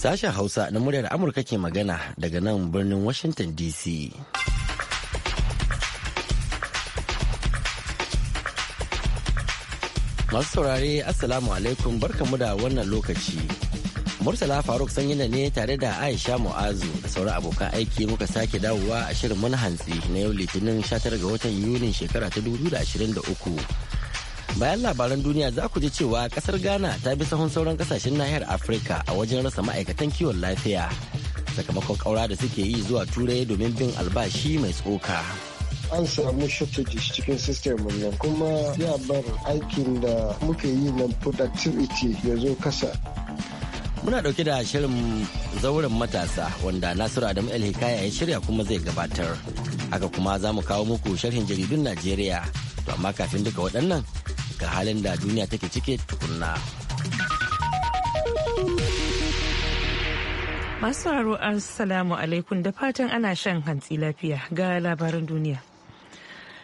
Sashen Hausa na muryar Amurka ke magana daga nan birnin Washington DC. Masu saurare Assalamu alaikum barkamu da wannan lokaci. Murtala Faruk sanyina ne tare da Aisha Mu'azu da sauran abokan aiki muka sake dawowa a shirin hantsi na yau Litinin 19 ga watan Yuni shekara ta 2023. bayan labaran duniya za ku ji cewa kasar ghana ta bi sahun sauran kasashen nahiyar afirka a wajen rasa ma'aikatan kiwon lafiya sakamakon kaura da suke yi zuwa turai domin bin albashi mai tsoka an samu shortages cikin system nan kuma ya bar aikin da muke yi na productivity ya zo kasa muna dauke da shirin zauren matasa wanda nasiru adamu el hikaya ya shirya kuma zai gabatar haka kuma za mu kawo muku sharhin jaridun najeriya to amma kafin duka waɗannan ga halin da duniya take ciki tukunna. Masu haro assalamu alaikum da fatan ana shan hantsi lafiya ga labaran duniya.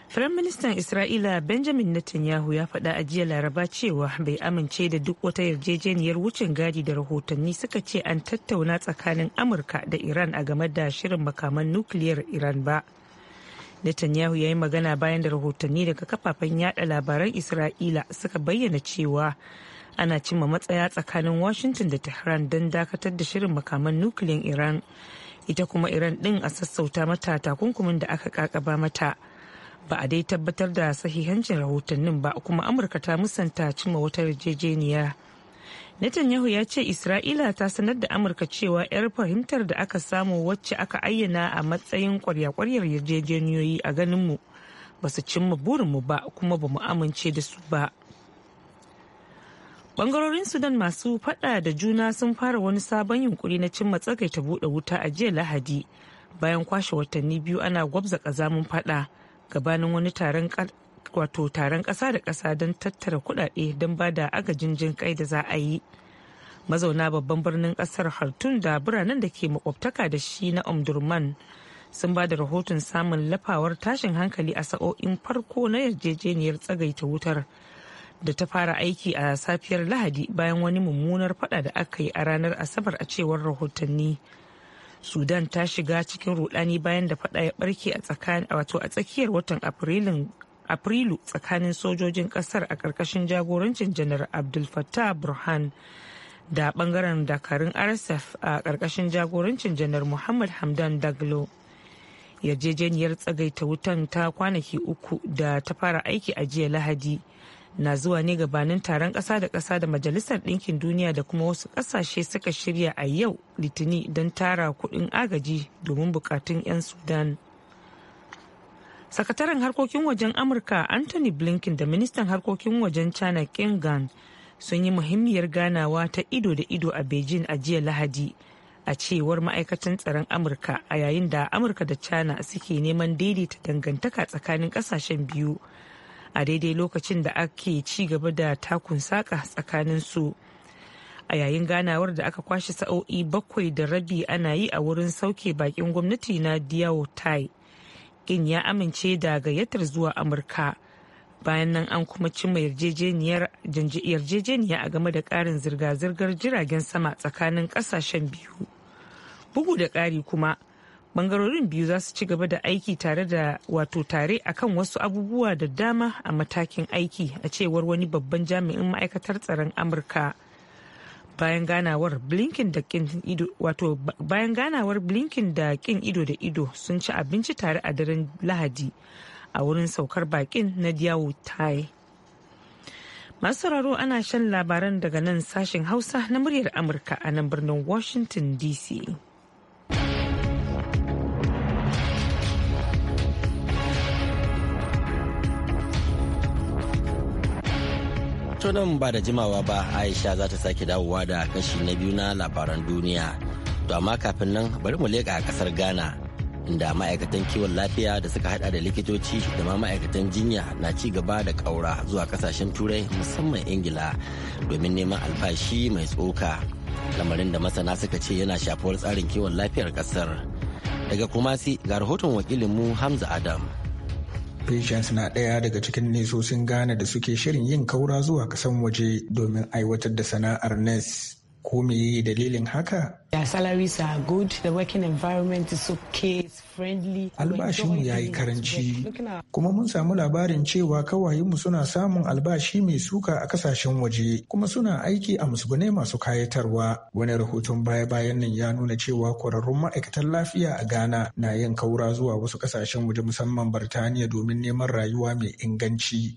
Firaministan Isra'ila Benjamin Netanyahu ya faɗa a jiya Laraba cewa bai amince da duk wata yarjejeniyar wucin gadi da rahotanni suka ce an tattauna tsakanin Amurka da Iran a game da shirin makaman nukiliyar Iran ba. Netanyahu ya yi magana bayan da rahotanni daga kafafen yada labaran Isra'ila suka bayyana cewa ana cimma matsaya tsakanin Washington da Tehran don dakatar da shirin makaman nukiliyan Iran. Ita kuma Iran din a sassauta mata takunkumin da aka kakaba mata. Ba a dai tabbatar da sahihancin rahotannin ba kuma Amurka ta musanta cimma wata yarjejeniya Netanyahu ya ce Isra'ila ta sanar da Amurka cewa 'yar fahimtar da aka samu wacce aka ayyana a matsayin kwarya-kwaryar yarjejeniyoyi a ganinmu ba su cimma burinmu ba kuma ba mu amince da su ba. Bangarorin Sudan masu fada da juna sun fara wani sabon yunkuri na cimma ta buɗe wuta a jiya Lahadi bayan kwashe watanni biyu ana gwabza kazamin fada gabanin wani taron wato taron ƙasa da ƙasa don tattara kuɗaɗe don ba da agajin jin kai da za a yi mazauna babban birnin ƙasar hartun da biranen da ke makwabtaka da shi na omdurman sun ba da rahoton samun lafawar tashin hankali a sa'o'in farko na yarjejeniyar tsagaita wutar da ta fara aiki a safiyar lahadi bayan wani mummunar fada da aka yi a ranar asabar a cewar rahotanni sudan ta shiga cikin rudani bayan da fada ya barke a tsakiyar watan afrilun Afrilu tsakanin sojojin kasar a ƙarƙashin jagorancin janar Abdul Fattah Burhan da ɓangaren dakarun RSF a ƙarƙashin jagorancin janar Muhammad Hamdan Daglo. Yarjejeniyar tsagaita wutan ta kwanaki uku da ta fara aiki a jiya Lahadi na zuwa ne gabanin taron ƙasa da ƙasa da Majalisar Ɗinkin Duniya da kuma wasu ƙasashe suka shirya a yau Litini don tara kuɗin agaji domin buƙatun 'yan Sudan. sakataren harkokin wajen amurka anthony blinken da ministan harkokin wajen china kingan sun yi muhimmiyar ganawa ta ido da ido a beijing a jiya lahadi a cewar ma'aikatan tsaron amurka a yayin da amurka da china suke neman daidaita dangantaka tsakanin kasashen biyu a daidai lokacin da ake ci gaba da takun saka tsakanin su a yayin ganawar da aka kwashe sa'o'i bakwai da rabi ana yi a wurin sauke bakin gwamnati na diao tai haƙƙin ya amince da gayyatar zuwa amurka bayan nan an kuma cimma yarjejeniya a game da ƙarin zirga-zirgar jiragen sama tsakanin ƙasashen biyu bugu da ƙari kuma bangarorin biyu za su ci gaba da aiki tare da wato tare a kan wasu abubuwa da dama a matakin aiki a cewar wani babban jami'in ma'aikatar tsaron amurka bayan ganawar blinken da kin ido wato bayan ganawar blinken da kin ido da ido sun ci abinci tare a daren lahadi a wurin saukar bakin na diyawo tai masu sauraro ana shan labaran daga nan sashen hausa na muryar amurka a nan birnin washington dc To nan ba da jimawa ba Aisha za ta sake dawowa da kashi na biyu na labaran duniya. To amma kafin nan bari mu leƙa ƙasar Ghana inda ma'aikatan kiwon lafiya da suka hada da likitoci da ma ma'aikatan jinya na ci gaba da ƙaura zuwa kasashen turai musamman ingila domin neman albashi mai tsoka lamarin da masana suka ce yana shafuwar tsarin kiwon lafiyar ƙasar daga kumasi ga rahoton wakilinmu hamza adam Patience na ɗaya daga cikin nesosin Ghana da suke shirin yin kaura zuwa kasan waje domin aiwatar da sana'ar NES. ko me dalilin haka? Albashinmu ya yi karanci, kuma mun samu labarin cewa kawayenmu suna samun albashi mai suka a kasashen waje, kuma suna aiki a musgune masu kayatarwa. Wani rahoton baya-bayan nan ya nuna cewa kwararrun ma'aikatan lafiya a Ghana na yin kaura zuwa wasu kasashen waje musamman Birtaniya domin neman rayuwa mai inganci.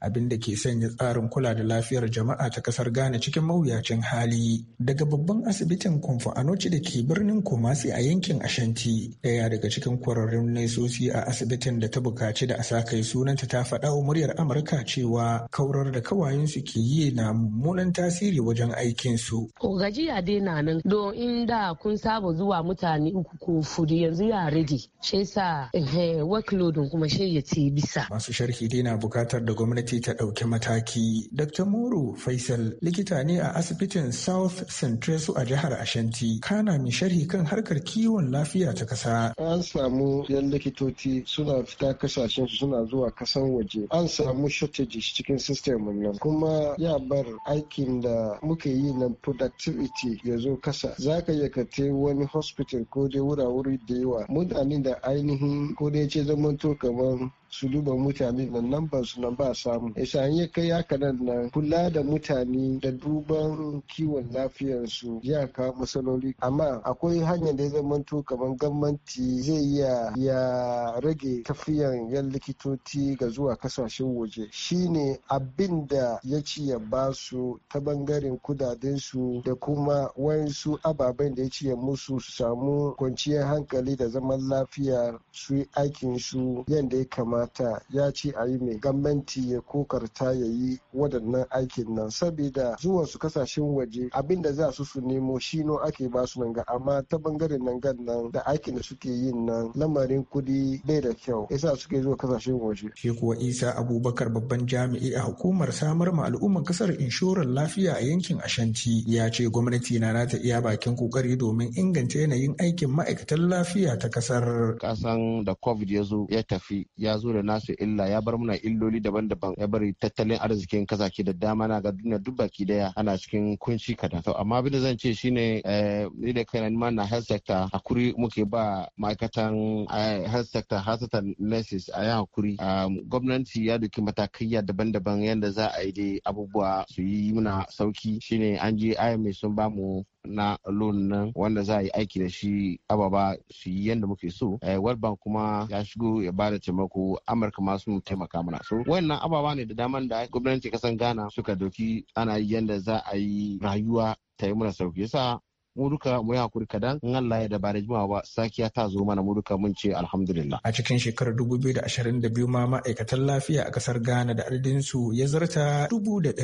abin da ke sanya tsarin kula da lafiyar jama'a ta kasar Ghana cikin mawuyacin hali. Daga babban asibitin Kumfu Anoci da ke birnin Kumasi a yankin Ashanti, ɗaya daga cikin kwararrun naisosi a asibitin da ta bukaci da a sa kai sunanta ta faɗa wa muryar Amurka cewa kaurar da kawayensu ke yi na mummunan tasiri wajen aikinsu. Ko gajiya dai na nan in da kun saba zuwa mutane uku ko fudu yanzu ya rage. Shi yasa eh, workload kuma shi ya ce bisa. Masu sharhi dai na bukatar da gwamnati gwamnati ta ɗauki mataki. Dr. Moro Faisal likita ne a asibitin South Centresu a jihar Ashanti. Kana mai sharhi kan harkar kiwon lafiya ta ƙasa. An samu yan likitoci suna fita kasashen su suna zuwa kasan waje. An samu shortage cikin system nan. Kuma ya bar aikin da muke yi na productivity ya zo kasa. Za ka iya ka wani hospital ko dai wura da yawa. Mutanen da ainihin ko dai ce zamanto kamar su duba mutane nan nan ba su nan ba samu isa an ya kai haka nan nan kula da mutane da duban kiwon lafiyarsu ya kawo matsaloli amma akwai hanyar da ya zamanto kamar gwamnati zai iya ya rage tafiyan yan likitoci ga zuwa kasashen waje shine abin da ya ci ya ba su ta bangaren kudadensu da kuma wayansu ababen da ya ci ya musu su samu kwanciyar hankali da zaman lafiya su yi aikinsu yadda ya kama. kamata ya ce a yi mai gwamnati ya kokarta ya yi waɗannan aikin nan saboda zuwan su kasashen waje abin da za su su nemo shino ake ba su nan ga amma ta bangaren nan gan nan da aikin da suke yin nan lamarin kudi bai da kyau yasa suke zuwa kasashen waje. Shi kuwa Isa Abubakar babban jami'i a hukumar samar ma al'umman kasar inshorar lafiya a yankin Ashanti ya ce gwamnati na nata iya bakin kokari domin inganta yanayin aikin ma'aikatan lafiya ta kasar. Kasan da COVID ya zo ya tafi ya zo zo da nasu illa ya bar muna illoli daban-daban ya bari tattalin arzikin kasashe da dama na ga duniya duk baki daya ana cikin kunci kada to amma abin da zan ce shine eh, ni da kaina ma na health sector hakuri muke ba ma'aikatan eh, health sector hasatan nurses a yi hakuri gwamnati ya doki matakai daban-daban yadda za a yi dai abubuwa su yi muna sauki shine an je IMA sun ba mu na loan nan wanda za a yi aiki da shi ababa su yi yadda muke so eh, world bank kuma ya shigo ya ba da taimako amurka ma sun taimaka mana so wannan ababa ne da daman da gwamnati kasan ghana suka doki ana yi yadda za a yi rayuwa ta yi mana sauki yasa mu duka mu yi hakuri kadan in Allah ya da ba ba sakiya ta zo mana mu duka mun ce alhamdulillah a cikin shekarar 2022 ma ma'aikatan lafiya a kasar Ghana da adadin su ya zarta 200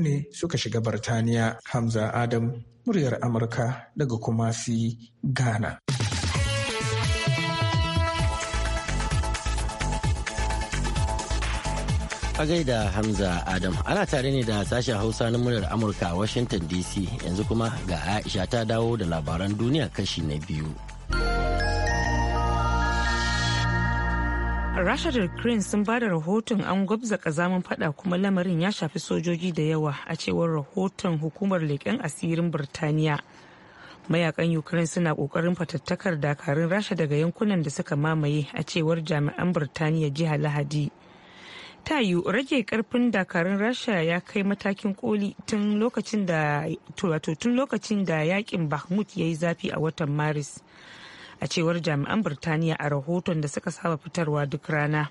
ne suka shiga Birtaniya Hamza Adam muryar Amurka daga Kumasi Ghana Agai da Hamza Adam. Ana tare ne da sashen Hausa na muryar Amurka a Washington DC yanzu kuma ga Aisha ta dawo da labaran duniya kashi na biyu. Rasha da Ukraine sun ba da rahoton an gwabza kazamin fada kuma lamarin ya shafi sojoji da yawa a cewar rahoton hukumar leƙen asirin Birtaniya. Mayakan Ukraine suna ƙoƙarin fatattakar dakarun Rasha daga yankunan da suka mamaye a cewar jami'an Birtaniya jiha Lahadi. ta yiwu rage karfin dakarun rasha ya kai matakin koli tun lokacin da tun lokacin yakin bahmut ya yi zafi a watan maris a cewar jami'an birtaniya a rahoton da suka saba fitarwa duk rana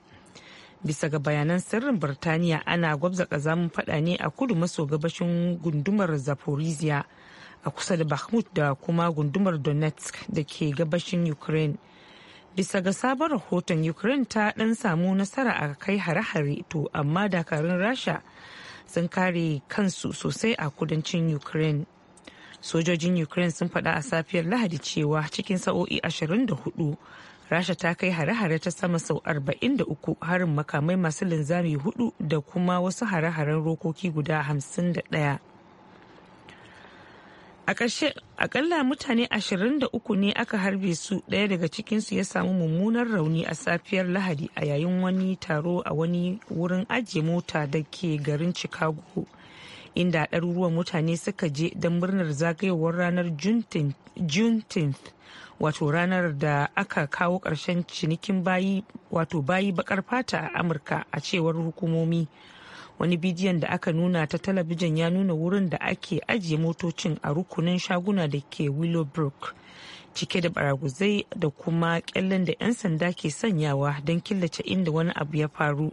bisa ga bayanan sirrin birtaniya ana gwabza kazamin fada ne a kudu maso gabashin gundumar zaporizhia a kusa da bahmut da kuma gundumar donetsk da ke gabashin ukraine bisa ga sabon rahoton ukraine ta dan samu nasara a kai hare-hare to amma dakarun rasha sun kare kansu sosai a kudancin ukraine sojojin ukraine sun faɗa a safiyar lahadi cewa cikin sa'o'i 24 rasha ta kai hare-hare ta sama sau 43 harin makamai masu linzami hudu da kuma wasu hare-haren rokoki guda 51 a ƙarshe akalla mutane 23 ne aka harbe su ɗaya daga cikinsu ya samu mummunar rauni a safiyar lahadi a yayin wani taro a wani wurin ajiye mota da ke garin chicago inda ɗaruruwan mutane suka je don murnar zagayowar ranar juneteenth wato ranar da aka kawo ƙarshen cinikin bayi wato bayi bakar fata a amurka a cewar hukumomi wani bidiyon da aka nuna ta talabijin ya nuna wurin da ake ajiye motocin a rukunin shaguna da ke willowbrook cike da baraguzai da kuma kyallen da 'yan sanda ke sanyawa don killace inda wani abu ya faru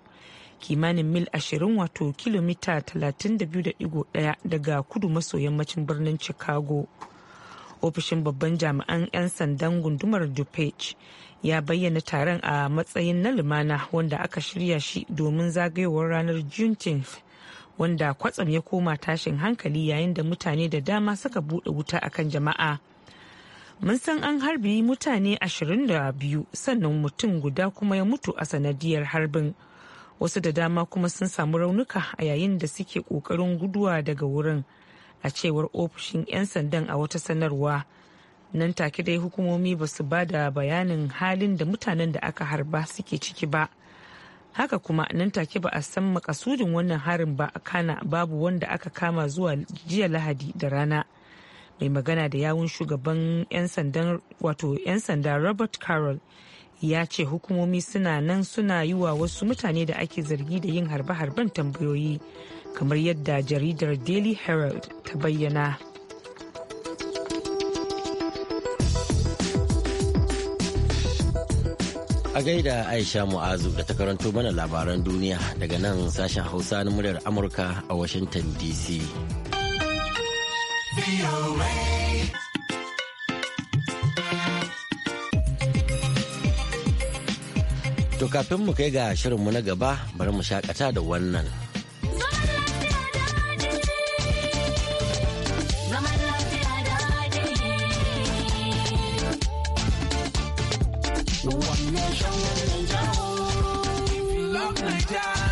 kimanin mil 20 wato kilomita 32.1 daga kudu maso yammacin birnin chicago ofishin babban jami'an 'yan sandan gundumar dupage ya bayyana taron a matsayin na lumana wanda aka shirya shi domin zagayowar ranar juneteenth wanda kwatsam ya koma tashin hankali yayin da mutane da dama suka bude wuta akan jama'a mun san an harbi mutane 22 sannan mutum guda kuma ya mutu a sanadiyar harbin wasu da dama kuma sun samu raunuka a yayin da suke kokarin guduwa daga wurin a cewar ofishin 'yan sandan a wata sanarwa. nan take dai hukumomi ba su ba da bayanin halin da mutanen da aka harba suke ciki ba haka kuma nan take ba a san makasudin wannan harin ba a kana babu wanda aka kama zuwa jiya lahadi da rana mai magana da yawun shugaban wato 'yan sanda robert carroll ya ce hukumomi suna nan suna yi wa wasu mutane da ake zargi da yin harbe-harben tambayoyi kamar yadda jaridar daily herald ta bayyana. gaida Aisha Mu'azu da ta karanto mana labaran duniya daga nan sashen Hausa na muryar Amurka a Washington DC. To kafin mu kai ga shirinmu na gaba bari mu shakata da wannan. Wannan nation, one nation. If you love Nigeria.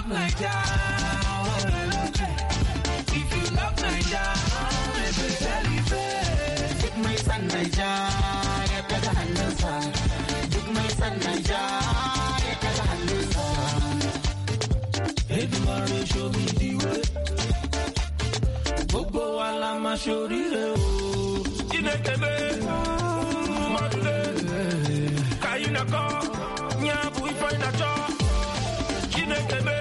love Nigeria, if you love baby, nyàbù ìfọ̀ ìdájọ́.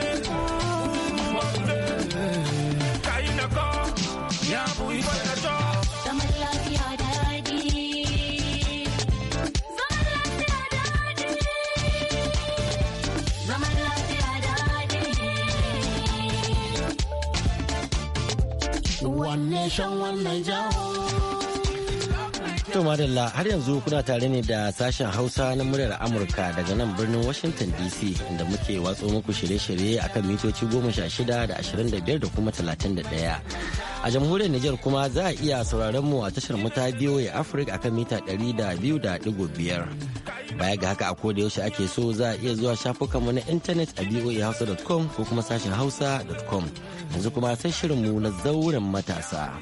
one shan wannan jaho. madalla har yanzu kuna tare ne da sashen Hausa na muryar Amurka daga nan birnin Washington DC inda muke watso muku shirye-shirye akan mitoci 16 da 25 da kuma 31. A jamhuriyar Nijar kuma za a iya sauraron mu a tashar mu ta ya Afirka akan mita 200.5. baya ga haka a koda yaushe ake so za a iya zuwa shafukanmu na intanet a voahausa.com ko kuma sashen hausa.com yanzu kuma sai shirinmu na zauren matasa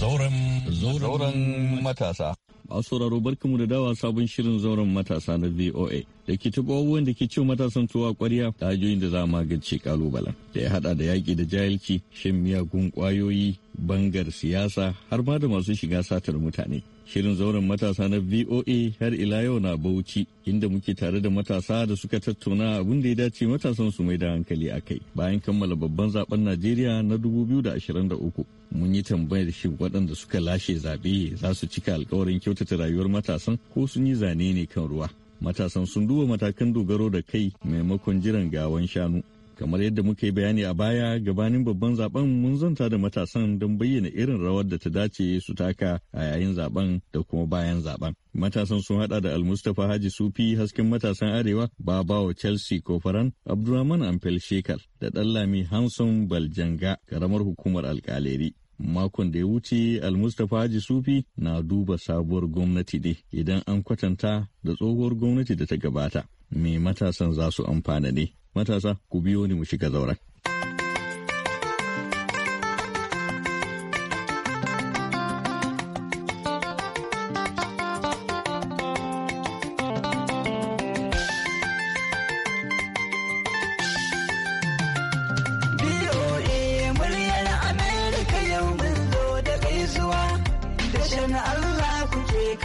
zauren matasa masu sauraro barkamu da dawa sabon shirin zauren matasa na VOA da ke taɓa abubuwan da ke ce matasan tuwa kwarya. da hajjoyin da za a magance kalubalen da ya haɗa da yaƙi da jahilci shan miyagun kwayoyi. bangar siyasa har ma da masu shiga satar mutane. Shirin zauren matasa na VOA har ila yau na Bauchi inda muke tare da matasa da suka tattauna abin da ya dace matasan su mai da hankali a kai bayan kammala babban zaben Najeriya na 2023. Mun yi tambayar shi waɗanda suka lashe zaɓe za su cika alkawarin kyautata rayuwar matasan ko sun yi zane ne kan ruwa. Matasan sun duba matakan dogaro da kai maimakon jiran gawan shanu Kamar yadda muka yi bayani a baya gabanin babban zaben mun zanta da matasan don bayyana irin rawar da ta dace su taka a yayin zaben da kuma bayan zaben. Matasan sun hada da Almustapha Haji Sufi hasken matasan Arewa wa Chelsea Kofaran Abdulrahman Amfel shekar da Dallami Hanson Baljanga karamar hukumar alkaleri. makon da ya wuce almustapha haji sufi na duba sabuwar gwamnati ne idan an kwatanta da tsohuwar gwamnati da ta gabata me matasan za su amfana ne matasa ku biyo ni mu shiga zauren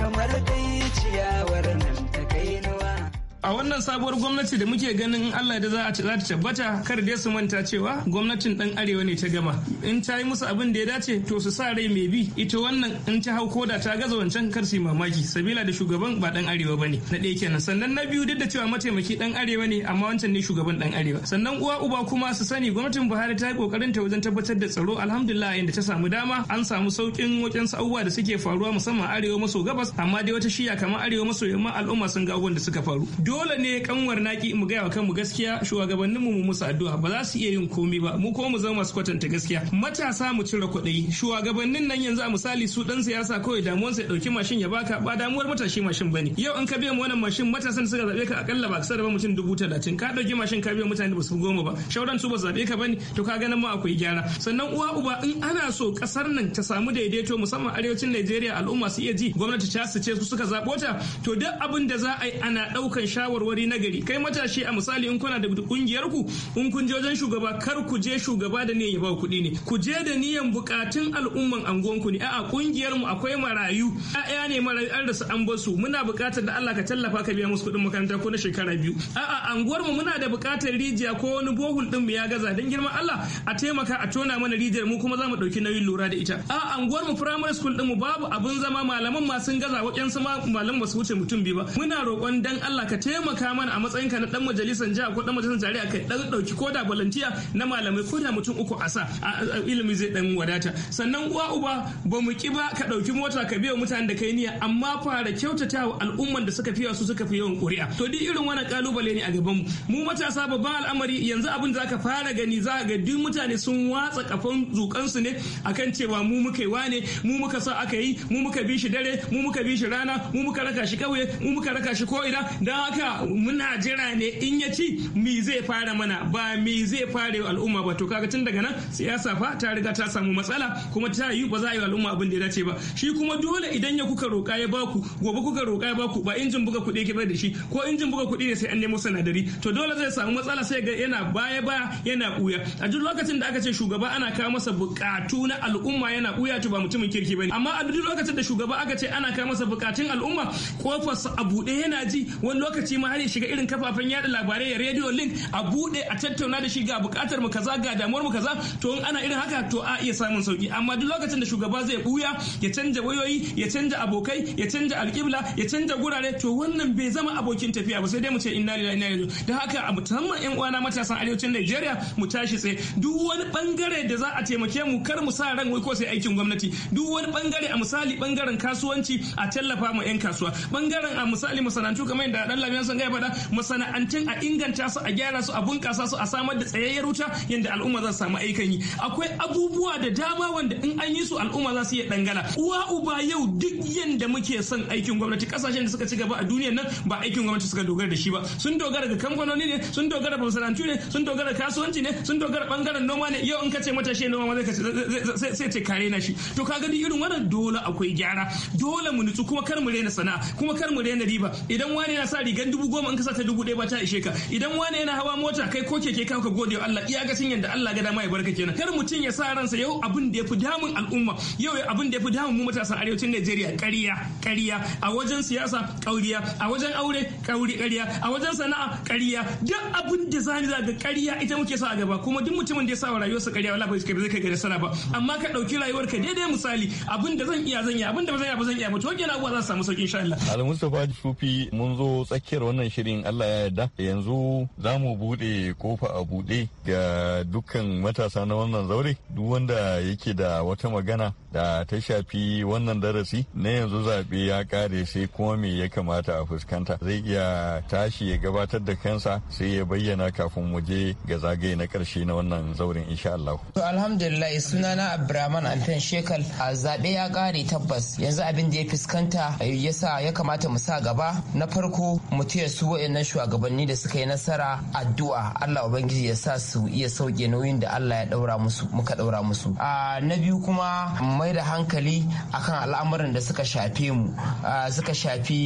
come relative. wannan sabuwar gwamnati da muke ganin in Allah da za ta tabbata kar dai su manta cewa gwamnatin dan arewa ne ta gama in ta yi musu abin da ya dace to su sa rai mai bi ita wannan in ta hau koda ta gaza wancan kar su mamaki sabila da shugaban ba dan arewa bane na ɗaya kenan sannan na biyu duk da cewa mataimaki dan arewa ne amma wancan ne shugaban dan arewa sannan uwa uba kuma su sani gwamnatin Buhari ta yi kokarin ta wajen tabbatar da tsaro alhamdulillah inda ta samu dama an samu saukin wajen abubuwa da suke faruwa musamman arewa maso gabas amma dai wata shiya kamar arewa maso yamma al'umma sun ga abubuwan da suka faru dole dole ne kanwar naki mu gaya wa kanmu gaskiya shugabannin mu musu addu'a ba za su iya yin komi ba mu ko mu zama masu kwatanta gaskiya matasa mu cire kuɗi shugabannin nan yanzu a misali su dan siyasa kawai damuwarsa ya dauki mashin ya baka ba damuwar matashi mashin bane yau an ka biya mu wannan mashin matasan suka zabe ka akalla ba kasar ba mutum dubu talatin ka dauki mashin ka biya mutane ba su goma ba shauran su ba su zabe ka bane to ka ganin mu akwai gyara sannan uwa uba in ana so kasar nan ta samu daidaito musamman arewacin Najeriya al'umma su iya ji gwamnati ta su ce su suka zabo ta to duk abin da za a yi ana daukan shawarwari na gari kai matashi a misali in kuna da kungiyar ku in kun je wajen shugaba kar ku je shugaba da ne ya ba kuɗi ne ku je da niyan bukatun al'umman anguwan ku ne a'a kungiyar mu akwai marayu ya'ya ne marayu an rasa an basu muna bukatar da Allah ka tallafa ka biya musu kuɗin makaranta ko na shekara biyu a'a anguwar mu muna da bukatar rijiya ko wani bohul din mu ya gaza dan girman Allah a taimaka a tona mana rijiyar mu kuma za mu ɗauki nauyin lura da ita a'a anguwar mu primary school din mu babu abun zama malaman ma sun gaza su sama malaman ba su wuce mutum biyu ba muna roƙon dan Allah ka taimaka taimaka mana a matsayin ka na dan majalisar jiha ko dan majalisar tarayya kai dan dauki koda volunteer na malamai koda mutum uku a sa ilimi zai dan wadata sannan uwa uba ba mu ki ba ka dauki mota ka biya mutanen da kai niyya amma fara wa al'umman da suka fi su suka fi yawan ƙuri'a to duk irin wannan kalubale ne a gaban mu mu matasa babban al'amari yanzu abin da zaka fara gani za ga duk mutane sun watsa kafan zukan su ne akan cewa mu muka yi wane mu muka sa aka yi mu muka bi shi dare mu muka bi shi rana mu muka raka shi kauye mu muka raka shi ko ina dan haka ka muna jira ne in ya ci mi zai fara mana ba mi zai fare al'umma ba to kaga tun daga nan siyasa fa ta riga ta samu matsala kuma ta yi ba za a yi al'umma abin da ya dace ba shi kuma dole idan ya kuka roka ya baku gobe kuka roka ya baku ba injin buga kuɗi ke da shi ko injin buga kuɗi ne sai an nemo sanadari to dole zai samu matsala sai ga yana baya baya yana buya a duk lokacin da aka ce shugaba ana kawo masa bukatu na al'umma yana buya to ba mutumin kirki ba bane amma a duk lokacin da shugaba aka ce ana kawo masa bukatun al'umma kofarsa a buɗe yana ji wani lokaci lokaci ma har ya shiga irin kafafen yada labarai ya radio link a bude a tattauna da shi ga bukatar mu kaza ga damuwar mu kaza to in ana irin haka to a iya samun sauki amma duk lokacin da shugaba zai buya ya canja wayoyi ya canja abokai ya canja alƙibla ya canja gurare to wannan bai zama abokin tafiya ba sai dai mu ce inna lillahi inna ilaihi da haka a musamman yan uwana matasan arewacin Najeriya mu tashi tsaye duk wani bangare da za a taimake mu kar mu sa ran wai ko sai aikin gwamnati duk wani bangare a misali bangaren kasuwanci a tallafa ma yan kasuwa bangaren a misali masana'antu kamar yadda dan yan sanga ya faɗa masana'antun a inganta su a gyara su a bunƙasa su a samar da tsayayyar wuta yadda al'umma za su samu aikan yi akwai abubuwa da dama wanda in an yi su al'umma za su iya dangala uwa uba yau duk yadda muke son aikin gwamnati kasashen da suka ci gaba a duniyar nan ba aikin gwamnati suka dogara da shi ba sun dogara ga kamfanoni ne sun dogara ga masana'antu ne sun dogara kasuwanci ne sun dogara bangaren noma ne yau in ka ce matashi noma ma sai ce kare na shi to ka gani irin wannan dole akwai gyara dole mu nutsu kuma kar mu rena sana'a kuma kar mu rena riba idan wani yana sa rigar dubu goma in ka sa ta dubu ɗaya ba ta ishe ka idan wani yana hawa mota kai ko keke ka gode wa Allah iyakacin yadda Allah ga dama ya barka kenan kar mutum ya sa ransa yau abin da ya fi damun al'umma yau abin da ya fi damun mu matasan arewacin Najeriya ƙarya ƙarya a wajen siyasa ƙauriya a wajen aure ƙauri ƙarya a wajen sana'a ƙarya duk abin da zani za ga ƙarya ita muke sa a gaba kuma duk mutumin da ya sa wa rayuwarsa ƙarya wala ba zai kai ga nasara ba amma ka ɗauki rayuwar ka daidai misali abin da zan iya zan iya abin da ba zan iya ba zan iya ba to kenan abuwa za su samu sauƙi insha Allah. Al Mustapha Shufi mun zo tsakiyar wannan shirin Allah ya yarda yanzu za mu buɗe kofa a buɗe ga dukkan matasa na wannan zaure duk wanda yake da wata magana da ta shafi wannan darasi na yanzu zaɓe ya ƙare sai kuma me ya kamata a fuskanta zai iya tashi ya gabatar da kansa sai ya bayyana kafin mu je ga zagaye na ƙarshe na wannan zaurin insha Allah. Alhamdulillah sunana Abdurrahman Antan Shekal a zaɓe ya ƙare tabbas yanzu abin da ya fuskanta eh, yasa ya kamata mu sa gaba na farko mu taya su wa'annan shugabanni da suka yi nasara addu'a Allah Ubangiji ya sa su iya sauke nauyin da Allah ya ɗaura musu muka ɗaura musu. Ah, na biyu kuma mai da hankali akan al'amuran da suka shafe mu suka shafi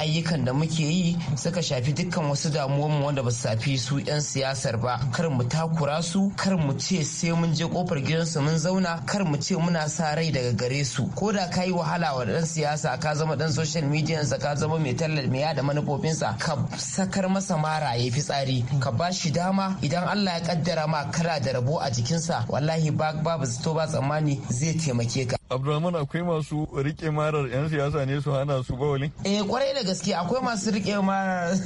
ayyukan da muke yi suka shafi dukkan wasu damuwanmu wanda ba su shafi su 'yan siyasar ba kar mu takura su kar mu ce sai mun je kofar gidansu mun zauna kar mu ce muna sa rai daga gare su ko da ka yi wahala wa ɗan siyasa ka zama ɗan social media sa ka zama mai tallar mai yada sa ka sakar masa mara ya fi tsari ka ba shi dama idan Allah ya kaddara ma kada da rabo a jikinsa wallahi babu zato ba tsammani zai taimaki taimake ka. Abdulrahman akwai masu rike marar 'yan siyasa ne su hana su bawali? Eh kwarai da gaske akwai masu rike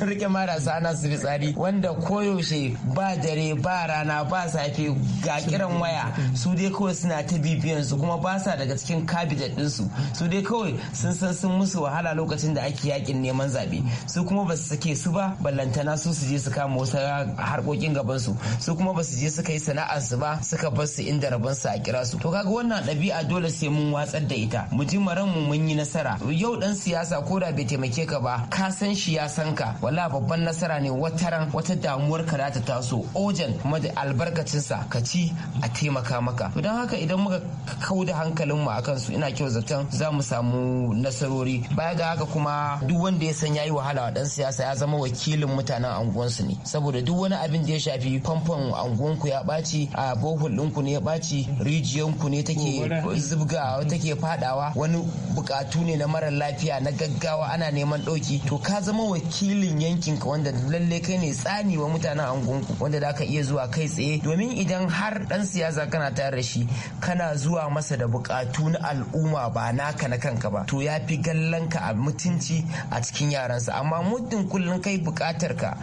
rike marar su hana su fitsari wanda koyaushe ba dare ba rana ba safe ga kiran waya su dai kawai suna ta bibiyan su kuma ba sa daga cikin kabinet din su su dai kawai sun san sun musu wahala lokacin da ake yakin neman zabe su kuma ba su sake su ba ballantana su su je su kama wasu harkokin gaban su su kuma ba su je su kai sana'ar su ba suka bar su inda rabon a kira su to kaga wannan ɗabi'a dole dole sai mun watsar da ita mu ji maran mu mun yi nasara yau dan siyasa ko da bai taimake ka ba ka san shi ya san ka wala babban nasara ne wataran wata damuwar ka ta taso ojan kuma da albarkacin sa ka ci a taimaka maka don haka idan muka kau da hankalin mu akan su ina kyau zaton za mu samu nasarori baya ga haka kuma duk wanda ya san yayi wahala wa dan siyasa ya zama wakilin mutanen su ne saboda duk wani abin da ya shafi famfon ku ya baci a bohol ɗinku ne ya ɓaci rijiyanku ne take zubgawa take fadawa wani bukatu ne na mara lafiya na gaggawa ana neman ɗauki to ka zama wakilin yankin ka wanda lalle kai ne tsani wa mutanen angonku wanda da ka iya zuwa kai tsaye domin idan har dan siyasa kana tare da shi kana zuwa masa da bukatu na al'umma ba naka na kanka ba to ya fi ka a mutunci a cikin yaransa amma muddin kullum kai bukatar ka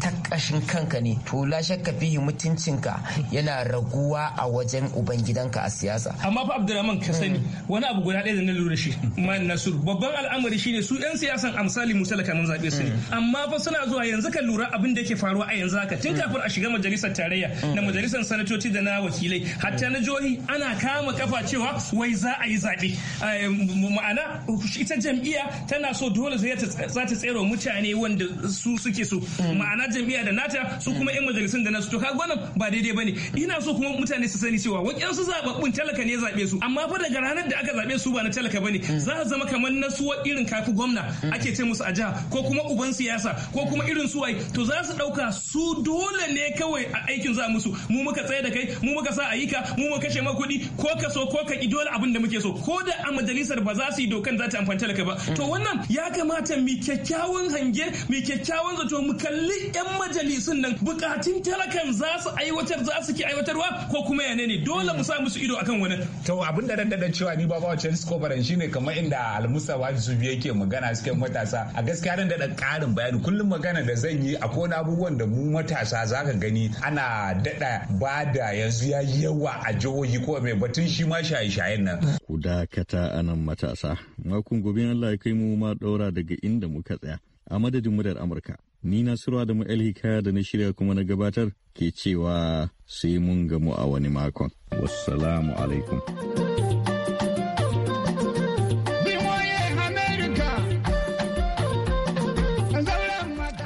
ta kashin kanka ne to la shakka fihi mutuncinka yana raguwa a wajen ubangidanka a siyasa amma fa man ka sani wani abu guda ɗaya da na lura shi man nasur babban al'amari shine su yan siyasan amsali musa da kamar zaɓe su ne mm. amma fa suna zuwa yanzu ka lura abin da ke faruwa a yanzu haka tun mm. kafin a shiga majalisar tarayya Na mm. majalisar sanatoci da na wakilai hatta na jihohi ana kama kafa cewa wai za a yi zaɓe eh, ma'ana ita jam'iyya tana so dole zai za ta tsere mutane wanda su suke so ma'ana jam'iyya da nata su kuma yan majalisun da nasu to kaga wannan ba daidai bane ina so kuma mutane su sani cewa wakilan su zababbun talaka ne zaɓe su amma fa daga ranar da aka zaɓe su ba na talaka bane hmm. za a zama kamar na suwa irin kafi gwamna hmm. ake ce musu a jiha ko kuma uban siyasa ko kuma irin suwaye to za su ɗauka su dole ne kawai a aikin za musu mu muka tsaye da kai mu muka sa ka mu muka kashe ma kuɗi ko ka so ko ka ki dole abin da muke so ko da a majalisar ba za su yi dokan za ta amfani talaka ba to hmm. wannan ya kamata mu kyakkyawan hange mu kyakkyawan zato mu kalli yan majalisun nan bukatun talakan za su aiwatar za su ki aiwatarwa ko kuma yane ne dole mu sa musu ido akan wannan to abin da daɗa cewa ni ba ba Chelsea Cobaran shine kamar inda Almusa Wadi biye yake magana suke matasa a gaskiya dan da karin bayani kullum magana da zan yi a kona abubuwan da mu matasa zaka gani ana daɗa da yanzu ya yi yawa a jihohi ko mai batun shi ma shaye-shayen nan. Ku dakata a nan matasa makon gobe Allah ya kai mu ma ɗaura daga inda muka tsaya a madadin muryar Amurka. Ni Nasiru Adamu mu'el Hikaya da na shirya kuma na gabatar ke cewa sai mun gamu a wani makon. Wassalamu alaikum.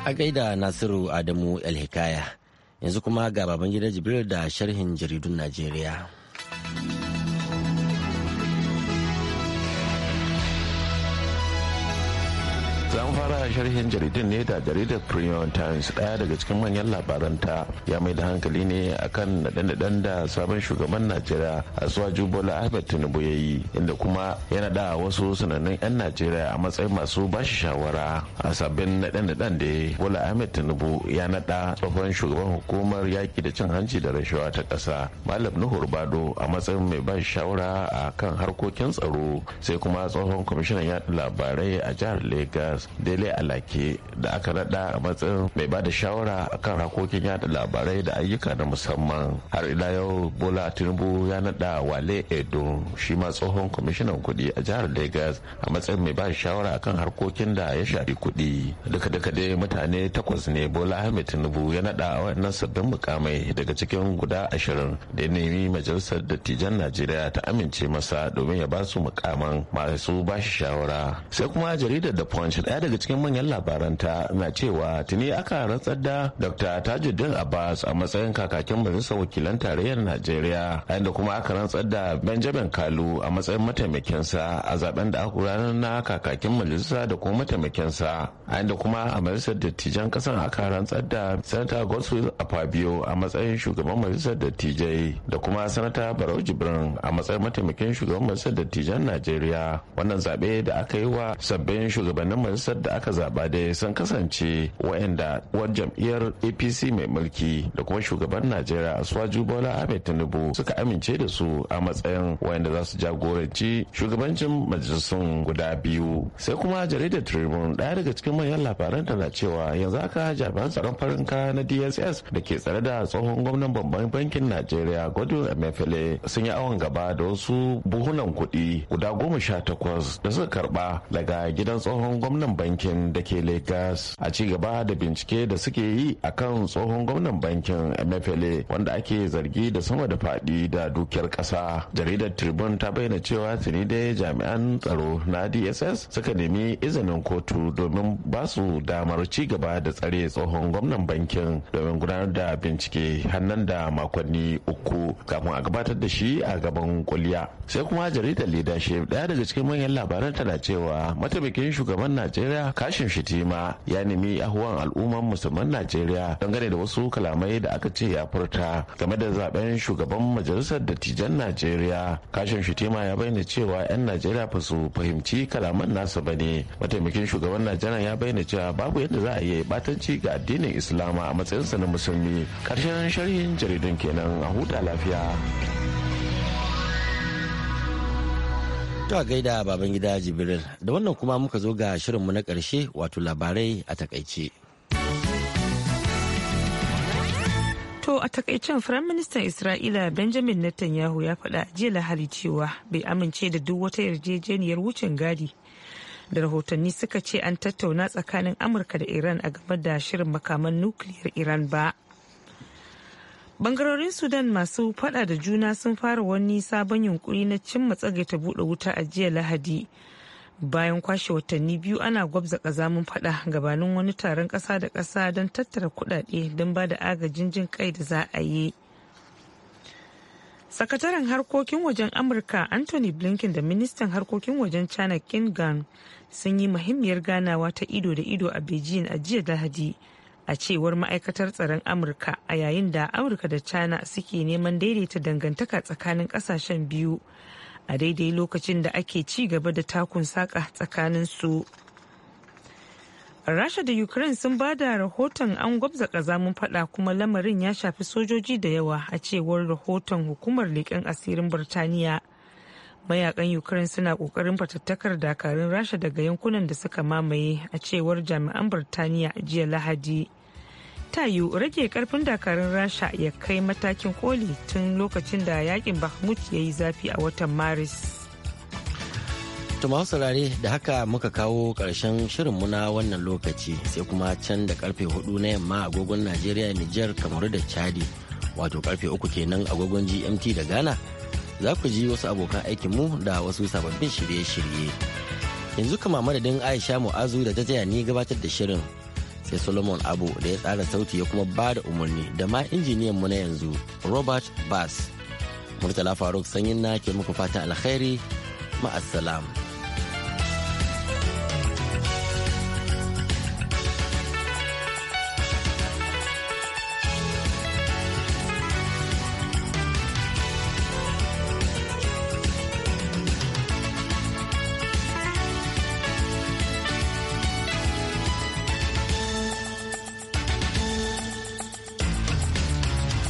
A gaida Nasiru Adamu El Hikaya, yanzu kuma ga baban gida Jibril da sharhin jaridun Najeriya. Zan fara sharhin jaridun ne da jaridar Premium Times daya daga cikin manyan labaranta ya mai da hankali ne akan naɗe-naɗen da sabon shugaban Najeriya zuwa Bola Ahmed Tinubu ya yi inda kuma yana da wasu sanannun 'yan Najeriya a matsayin masu bashi shawara a sabbin naɗe-naɗen da Bola Ahmed Tinubu ya naɗa tsohon shugaban hukumar yaƙi da cin hanci da rashawa ta ƙasa Malam Nuhu Bado a matsayin mai bashi shawara a kan harkokin tsaro sai kuma tsohon kwamishinan yaɗa labarai a jihar lagos. Daidai alake da aka nada a matsayin mai bada shawara akan harkokin yada labarai da ayyuka na musamman har ila yau bola tinubu ya nada wale edo shi ma tsohon kwamishinan kuɗi a jihar Legas a matsayin mai bada shawara akan harkokin da ya shafi kuɗi. duka duka dai mutane takwas ne bola ahmed tinubu ya nada wannan sabbin mukamai daga cikin guda ashirin da ya nemi majalisar dattijan najeriya ta amince masa domin ya ba su mukaman masu ba shi shawara sai kuma jaridar da punch daya daga cikin manyan labaranta na cewa tuni aka rantsar da dr tajuddin abbas a matsayin kakakin majalisa wakilan tarayyar najeriya inda kuma aka rantsar da benjamin kalu a matsayin mataimakinsa a zaben da aka ranar na kakakin majalisa da kuma mataimakinsa inda kuma a majalisar dattijan kasan aka rantsar da sanata godswill afabio a matsayin shugaban majalisar dattijai da kuma sanata barau jibrin a matsayin mataimakin shugaban majalisar dattijan najeriya wannan zaɓe da aka yi wa sabbin shugabannin majalisar da aka zaba da san kasance waanda uwar jam'iyyar apc mai mulki da kuma shugaban najeriya asuwaju bola ahmed tinubu suka amince da su a matsayin wa'anda za su jagoranci shugabancin majalisun guda biyu sai kuma jaridar tribune daya daga cikin manyan labaran tana cewa yanzu haka jami'an tsaron farin kaya na dss da ke tsare da tsohon gwamnan babban bankin najeriya godwin emefiele sun yi awon gaba da wasu buhunan kuɗi guda goma sha takwas da suka karba daga gidan tsohon gwamnan gwamnan bankin da ke lagos a ci gaba da bincike da suke yi akan tsohon gwamnan bankin mfla wanda ake zargi da sama da faɗi da dukiyar ƙasa jaridar tribune ta bayyana cewa tuni da jami'an tsaro na dss suka nemi izinin kotu domin ba su damar ci gaba da tsare tsohon gwamnan bankin domin gudanar da bincike hannun da makonni uku kafin a gabatar da shi a gaban kuliya sai kuma jaridar leadership daya daga cikin manyan labaran tana cewa mataimakin shugaban najeriya kashin shitima ya nemi yahuwan al'umman musulman najeriya dangane da wasu kalamai da aka ce ya furta game da zaben shugaban majalisar dattijan najeriya kashin shitima ya bayyana cewa 'yan najeriya fa su fahimci kalaman nasu ba ne mataimakin shugaban najeriya ya bayyana cewa babu yadda za a iya batanci ga addinin islama a matsayinsa na musulmi karshen sharhin jaridun kenan a huta lafiya To gaida baban gida Jibril da wannan kuma muka zo ga shirinmu na karshe wato labarai a takaice. To a takaicen Firaministan Isra'ila Benjamin Netanyahu ya faɗa jiya lahari cewa bai amince da duk wata yarjejeniyar wucin gadi da rahotanni suka ce an tattauna tsakanin Amurka da Iran a game da shirin makaman nukiliyar Iran ba. bangarorin sudan masu fada da juna sun fara wani sabon yunkuri na cimma ta bude wuta a jiya lahadi bayan kwashe watanni biyu ana gwabza kazamin fada gabanin wani taron kasa da kasa don tattara kudade don ba da agajin jin kai da za a yi sakataren harkokin wajen amurka anthony blinken da ministan harkokin wajen china king sun yi muhimmiyar ganawa ta ido da ido a beijing a jiya lahadi a cewar ma'aikatar tsaron amurka a yayin da amurka da china suke neman daidaita dangantaka tsakanin kasashen biyu a daidai lokacin da ake ci gaba da takun saka tsakanin su rasha da ukraine sun ba da rahoton an gwabza kazamin fada kuma lamarin ya shafi sojoji da yawa a cewar rahoton hukumar leƙen asirin birtaniya mayakan ukraine suna kokarin fatattakar dakarun rasha daga yankunan da suka mamaye a cewar jami'an birtaniya jiya lahadi tayu rage karfin dakarun rasha ya kai matakin koli tun lokacin da yakin bahmut ya yi zafi a watan maris tuma saurare da haka muka kawo karshen shirin muna wannan lokaci sai kuma can da karfe hudu na yamma agogon najeriya niger kamaru da chadi wato karfe uku kenan agogon gmt da ghana za ku ji wasu abokan aikinmu da wasu sababbin shirye-shirye. Yanzu kama madadin Aisha Mu'azu da ta taya ni gabatar da shirin sai Solomon Abu da ya tsara sauti ya kuma ba da umarni da ma injiniyan mu na yanzu Robert Bass. Murtala Faruk sanyin na ke muku fatan alkhairi ma'assalam.